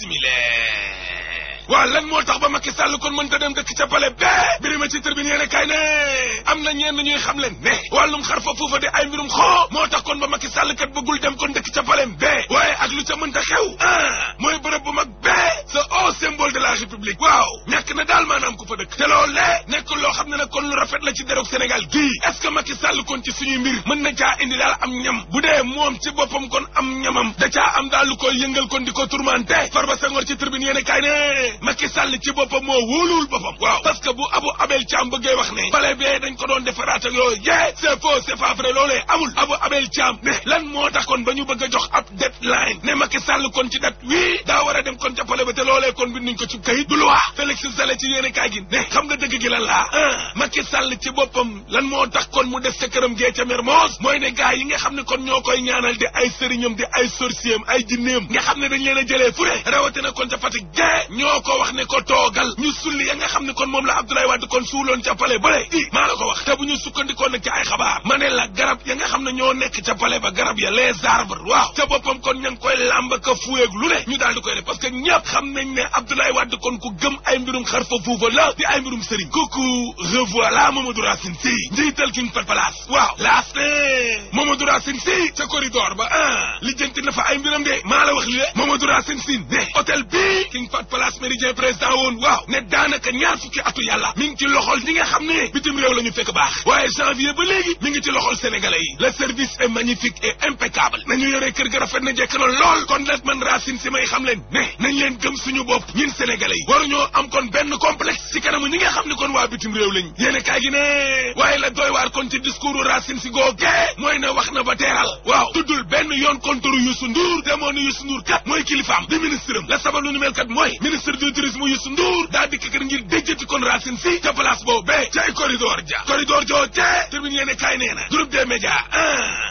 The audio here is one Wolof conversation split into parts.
simile waaw lan moo tax ba Macky Sall kon mënta dem dëkk ca pale bé birima ci tribune yéen kay ne am na ñenn ñuy xam leen ne wàllum xar fa foofa di ay mbirum xoo moo tax kon ba Macky Sall kat bëggul dem kon dëkk ca palem bé waaye ak lu ca mënta xew ah mooy bërëb bu mag bé sa haut symbole de la république waaw ñàkk na daal maanaam ku fa dëkk te loolee nekk loo xam ne na kon lu rafet la ci derog senegal gii que Macky Sall kon ci suñuy mbir mën na caa indi daal am ñam bu dee moom ci boppam kon am ñamam da caa am daal lu koy yëngal kon di ko tourmenté Farba Senghor ci tribune yéen kaay ne Macky Sall ci boppam moo wóoluwul boppam waaw parce que bu Abu Abel Thiam bëggee wax ne bale bee dañ ko doon defaraat ak yooyu yee c'est faux c'est pas loolee amul Abu Abel Thiam ne lan moo tax kon ba ñu bëgg a jox ab deadline ne Macky Sall kon ci date wii daa war a dem kon ca pale ba te loolee kon binduñ ko ci kayit du lu wax Félix Sall ci yéen kaay gi ne ah moo tax kon mu des ca këram gee ca Mermoz mooy ne gars yi nga xam ne kon ñoo koy ñaanal di ay sëriñam di ay sorcièm ay jinnéem nga xam ne dañ leen a jëlee fu ne rawatina kon ca Fatick gee ñoo ko wax ne ko toogal ñu sulli ya nga xam ne kon moom la Abdoulaye Wade kon suuloon ca pale bële i maa la ko wax te bu ñu sukkandikoo nag ci ay xabaar ma ne la garab ya nga xam ne ñoo nekk ca pale ba garab ya les arbres waaw ca boppam kon ña ngi koy làmb ka fuyeeg lu ne ñu nañ ne Abdoulaye Wade kon ku gëm ay mbirum xar fa fuufa la di ay mbirum sëriñ fa place waaw laas a Mamadou Racine Sy ca corridor ba ah lijjanti na fa ay mbiram de maa la wax li le Mamadou Racine Sy ne hôtel bii King Fahd Palace Méridien président woon waaw ne daanaka ñaar fukki atu yàlla mi ngi ci loxol ñi nga xam ne bitim réew la ñu fekk baax waaye janvier ba léegi mi ngi ci loxol sénégalais yi le service est magnifique et impeccable nañu yore kër ga rafet na jekk na lool kon nag man Racine Sy xam leen nañ leen gëm suñu bopp ñun sénégalais yi waruñoo am kon benn complexe ci kanamu ñi nga xam ne kon waa bitim réew gi ne waaye la doy waar kon ci discours Racine si googe mooy ne wax na ba teeral waaw tuddul benn yoon kontour Youssou Ndour demoon na Youssou Ndour kat mooy kilifaam di ministre am la sabab lu nu mel kat mooy ministre du tourisme Youssou Ndour daa dikk kat ngir déjjati kon Racine si ca place boobee ca ay corridor ja corridor joo ca tribune kaay nee na groupe des médias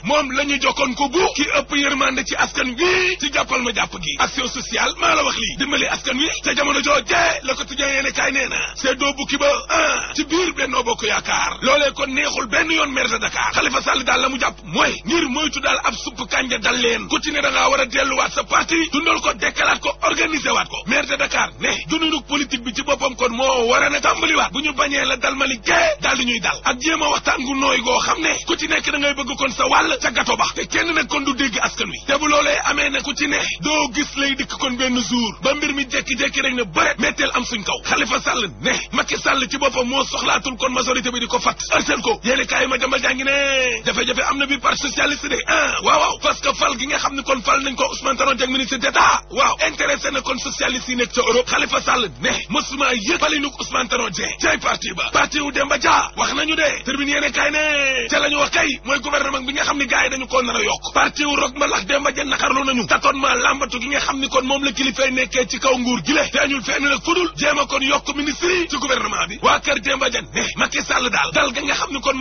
moom la jokkoon ko bu ki ëpp yërmande ci askan wi ci jàppal ma jàpp gi action sociale maa la wax lii dimbali askan wi ca jamono joo na doo bukki ba a ci biir Bokk Yaakaar loolee kon neexul benn yoon maire de Dakar Khalifa Sall daal la mu jàpp mooy ngir moytu daal ab supp kànja dal leen ku ci ne da ngaa war a delluwaat sa parti dundal ko dekkalaat ko organiser waat ko maire de Dakar ne dundinu politique bi ci boppam kon moo war na ne tàmbaliwaat bu ñu bañee la dal mali gee daal ñuy dal ak jéem a waxtaan gu nooy goo xam ne ku ci nekk da bëgg kon sa wàll ca gato ba te kenn nag kon du dégg askan wi te bu loolee amee ne ku ci ne doo gis lay dikk kon benn jour ba mbir mi jekki-jekki rek ne bëret metteel am suñ kaw Khalifa Sall ne Macky Sall ci boppam moo soxlaatul kon majorité bi di ko fat yéene kaay am na bi parti socialiste de ah waaw waaw parce fal gi nga xam ne kon fal nañ ko Ousmane Tanor Dieng ministre d'État waaw intéressé na kon socialiste yi nekk ca Europe Khalifa Sall ne mosuma yëg fali nuk Ousmane Tanor Dieng jay parti parti wu Demba Dia wax nañu de tribune yéene kaay ne ca la wax kay mooy gouvernement bi nga xam ne gars dañu koo nar a yokk parti wu rog ma lax Demba Dia naqarlu nañu tatoon ma làmbatu gi nga xam ni kon moom la kilifay nekkee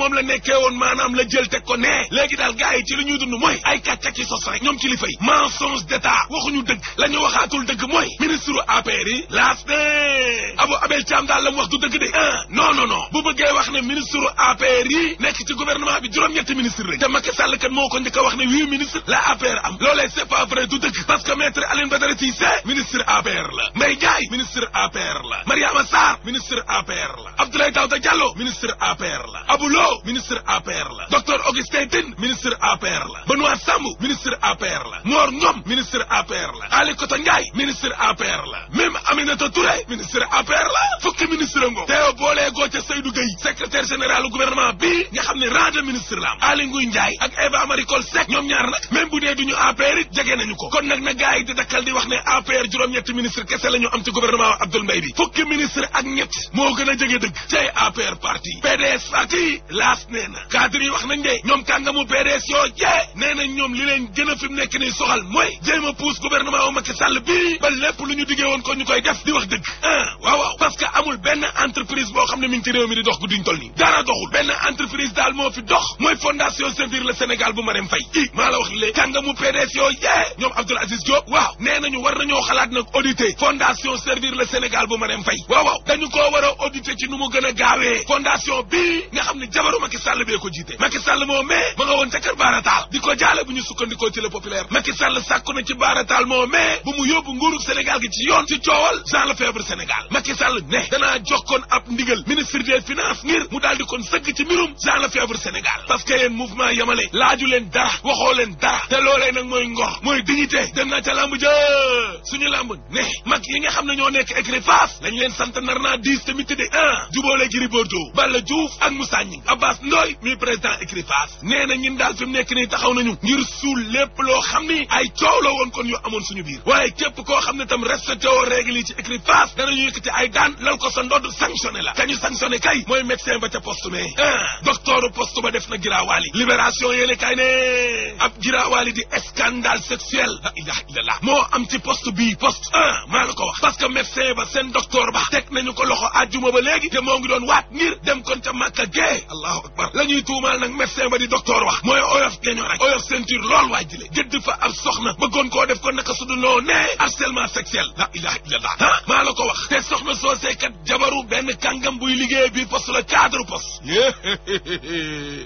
moom la nekkee woon maanaam la jël teg ko nee léegi daal gars ci li ñuy dund mooy ay kàcca sos rek ñoom ci li d'état waxuñu dëgg la ñu waxaatul dëgg mooy ministre APR yi laas ne Abou Abel Thiam daal la mu wax du dëgg de ah non non bu bëggee wax ne ministre APR yi nekk ci gouvernement bi juróom-ñetti ministre lañ te Macky Sall moo ko njëkk a wax ne huit ministre la APR am loolee c'est pas vrai du dëgg parce que maître Alioune Badara Cissé ministre la ministre Diaw ministre APR la docteur Augustin Tine ministre APR la Benoît Sambou ministre APR la Mor Ngom ministre la Ali Koto Ndiaye ministre APR la même Aminata Touré la fukki ministre ngo teew boolee goo ca Seydou Gueye secrétaire général du gouvernement bi nga xam ne rang de ministre la am Aly Ngouille Ndiaye ak Eva Marie Coll ñoom ñaar nag même bu dee duñu APR it jege nañu ko kon nag na gars yi di dakkal di wax ne APR juróom-ñetti ministre kese la ñu am ci gouvernement Abdoul Mbaye bi fukki ministre ak ñett a jege dëgg cay APR laas nee na cadre yi wax nañ de ñoom kàngamu PDS yoo jee nee nañ ñoom li leen gën fi mu nekk ni soxal mooy jéem puus gouvernement wu Macky Sall bii ba lépp lu ñu diggee woon ko ñu koy def di wax dëgg ah waaw waaw parce que amul benn entreprise boo xam ne mi mi di dox guddiñ toll nii dara doxul benn entreprise daal moo fi dox mooy fondation servir le Sénégal bu Marème Faye i maa la wax lée kàngamu a auditer ci nu mu gën a gaawee fondation bii nga xam réew Macky Sall bee ko jiite Macky Sall moo mee ma nga woon ca kër baarataal di ko jaale bu ñu sukkandikoo ci le populaire Macky Sall sàkku na ci baarataal moo bu mu yóbbu nguurug Sénégal gi ci yoon ci coowal Jean Lefebvre Sénégal Macky Sall ne danaa jokkoon ab ndigal ministre des finances ngir mu daal kon sëgg ci mbirum Jean Lefebvre Sénégal parce que yéen mouvement yamale laaju leen dara waxoo leen dara te loolee nag mooy ngor mooy dignité dem naa ca Abbas Ndoy mi président écrifas nee na ñun daal fi mu nekk nii taxaw nañu ngir suul lépp loo xam ni ay coow la woon kon yu amoon suñu biir waaye képp koo xam ne tam respecté woo règle yi ci écrifas danañu yëkkati ay daan lal ko sa ndodd sanctionné la kañu sanctionné kay mooy médecin ba ca poste mais ah docteur poste ba def na giraawaali libération yéene kay ne ab giraawaali di scandale sexuel la ilaha illallah moo am ci poste bii poste ah maa la ko wax parce que médecin ba seen docteur ba teg nañu ko loxo àjjuma ba léegi te moo ngi doon waat ngir dem kon ca màkka allahu la ñuy tuumaal nag médecin ba di docteur wax mooy oyof geño rek oyof ceinture lool waa jile gëdd fa ab soxna bëggoon koo def ko naka su dul noo nee harcèlement sexuel la ilaha illallah ah maa la ko wax te soxna soosee kat jabaru benn kàngam buy liggéey bi post la cadre poste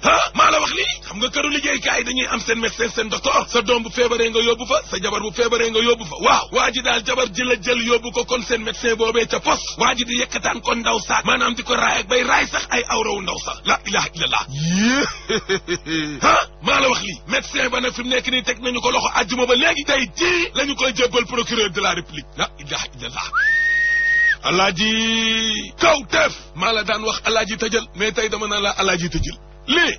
ah maa la wax lii xam nga këru liggéeykaay yi dañuy am seen médecin seen docteur sa doom bu feebaree nga yóbbu fa sa jabar bu feebaree nga yóbbu fa waaw waa ji daal jabar ji la jël yóbbu ko kon seen médecin boobee ca poste waa ji di yëkkataan ko ndaw saak maanaam di ko raay raay sax ay awrawu ndaw sax ilaha illallah ah maa la wax lii médecin ba nag fi mu nekk nii teg nañu ko loxo àjjuma ba léegi tey jii la ñu koy jébbal procureur de la république la ilaha illallah alaaji kaw teef maa la daan wax alaaji tëjal mais tey dama naan la alaaji tëjal lii